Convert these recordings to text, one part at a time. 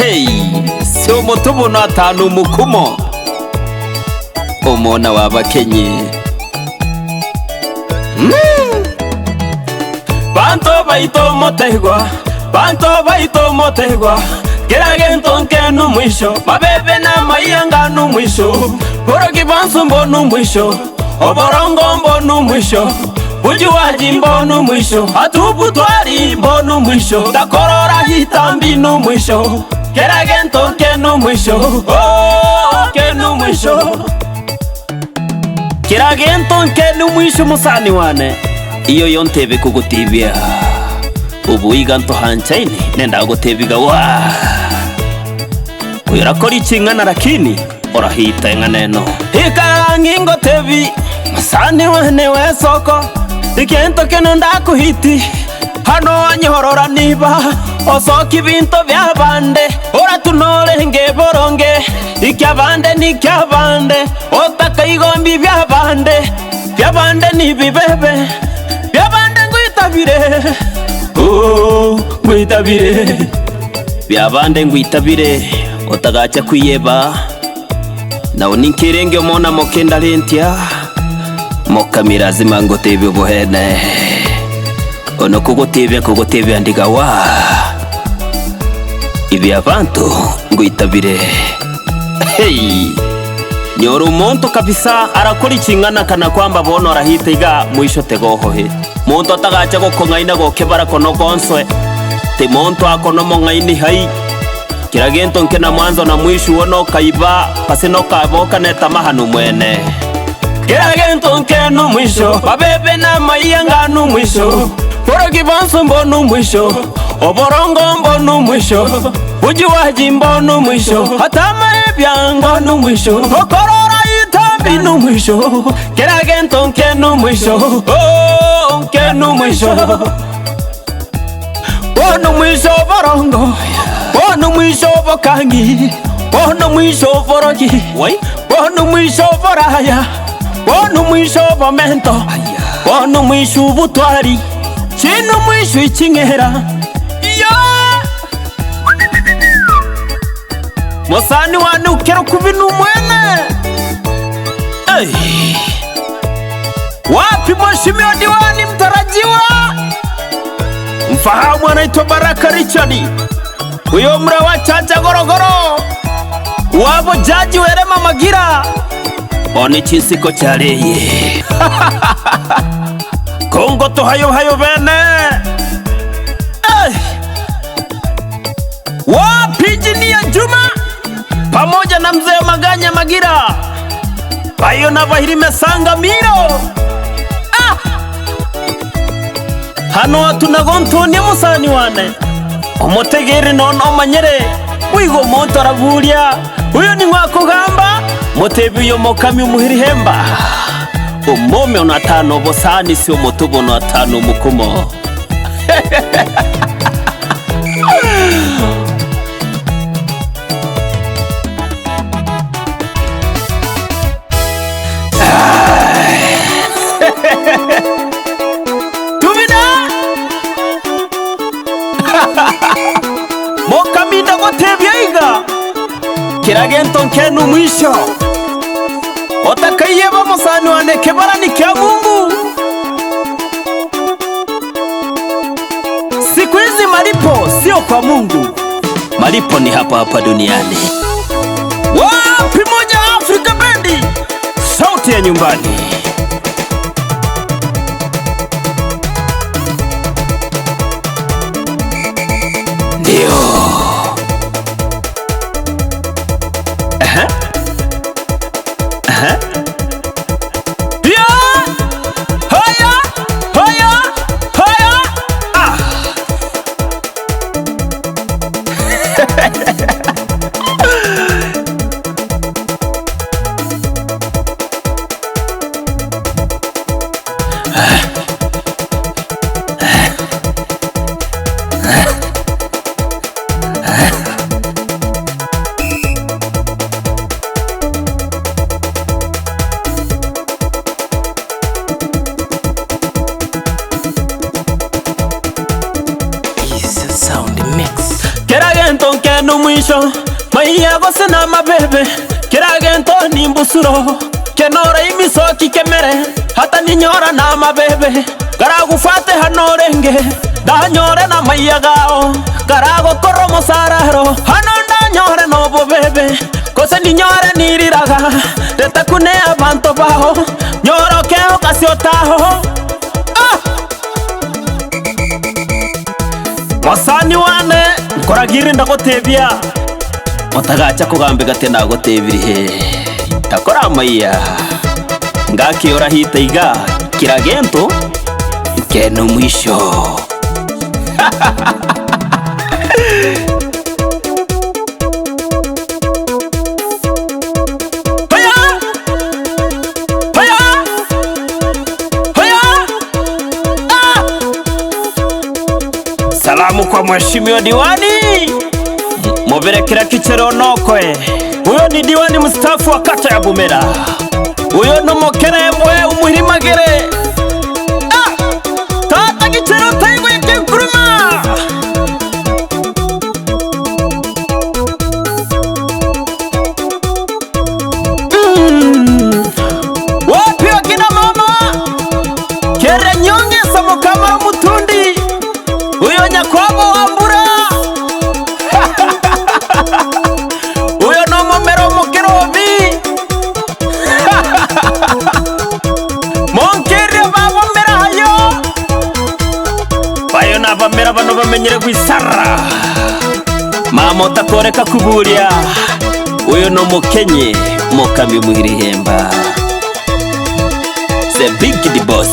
hey se umuti ubuntu atanu umukumo umuntu wabakenye hmm. banto bayita umutegwa banto bayita umutegwa geragento nke n'umwisho mabebe n'amayanga n'umwisho buroga ibanza mbo n'umwisho uburongo mbo n'umwisho buryo iwanjye mbo n'umwisho atubutwari mbo n'umwisho dakorora hitambi n'umwisho Kera gento kenu mwisho oh, kenu mwisho Kera gento kenu mwisho musani wane Iyo yontebe kugutibia Ubu iganto hanchaini nenda gutebiga wa Wirakora ikingana lakini orahita enganeno Ikarangi ngotebi masani wane we soko Ikento kenu ndakuhiti Hano wanyihorora niba Osoka vya bande oratunole ngevoronge ikyavande nikyavande otaka igombi vyavande vyavande ni bibebe vyavande ngwitabire oh, ngwitabire vyavande ngwitabire otagacha kwiyeva nawo ninkirenge omona mokendalentya mokamirazimangotevi ovohene ono kugotevya kugotevya ndigawa ibi abantu ngo yitabire heyi nyora umuntu kabisa arakora ikingana kana kwamba bono r a h i t i g a m u i s h o tegohohe muntu atagacha gokongaina goke barakono gonswe te muntu akonomo ng'aini hai y k i r a g e n t o nke na mwanzo na m w i s h u wono kaiba pasino kaboka netamahanu mwene k i r a g e n t o nke n o mwisho babebe na m a y a n g a n o mwisho b o r o k i b o n s o mbo n o mwisho oborongo mbo n o mwisho ujiwaji mbonu mwisho hatamare byango nu mwisho okorora itambi nu mwisho keragento nke nu mwisho oh, nke nu mwisho onu mwisho borongo onu mwisho bokangi onu mwisho borogi onu mwisho boraya onu mwisho bomento onu mwisho butwari chino mwisho ichingera mosani wane ukero kubina umwene Wapi Wapi wa diwani mtarajiwa, mfahamu anaitwa Baraka Richard, Uyo mre wa Chacha Gorogoro, wabo jaji Werema Magira, oni chinsiko cyareye kongo tuhayohayo bene hey. Wapi jini ya Juma pamoja na mzee Maganya Magira Bayo na Bahirime Sanga Miro ah! hano hatunagontonie musani wane omotegere nono omanyere wigo moto araburia uyo ning'wakogamba motebe uyo mokami omuhirihemba omome ono atano obosani si omotobono atano omukomo mokabida gotebyaiga kiragento nkenu mwisho otakayeba musani wane kebarani kya Mungu siku hizi malipo sio kwa Mungu malipo ni hapa hapa duniani wapi moja Afrika bendi sauti ya nyumbani ndio gento nke n'umwisho mayiya gose n'amabebe kiriya gento n'imbusuro kenora y'imiso kikemere hata n'inyora n'amabebe garagufate hano renge ndanyore na mayiya gawo garagokora umusararo hano ndanyore n'ubu bebe gose n'inyore n'iriraga reta kune abantu baho nyorokeho gasiyotaho utambwire ndagotebia mutagaca kugambe gate ndagotebire ora hita iga kira gento keno mwisho Salamu kwa mheshimiwa diwani. Diwani Moverekera Kichero Nokoe. Huyo ni diwani mstaafu wa kata ya Bumera. Huyo ni Mokere Mwe Umuhirimagere. Ah! Kwa mm. mwambu moto akoreka kuburya uyu ni umukenye mukami mwirihemba the big di boss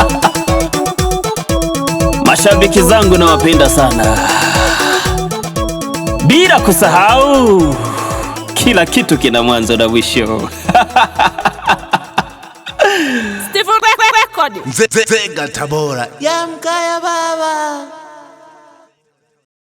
mashabiki zangu nawapenda sana bila kusahau kila kitu kina mwanzo na mwisho. Stevo Record Nzega Tabora, yamkaya baba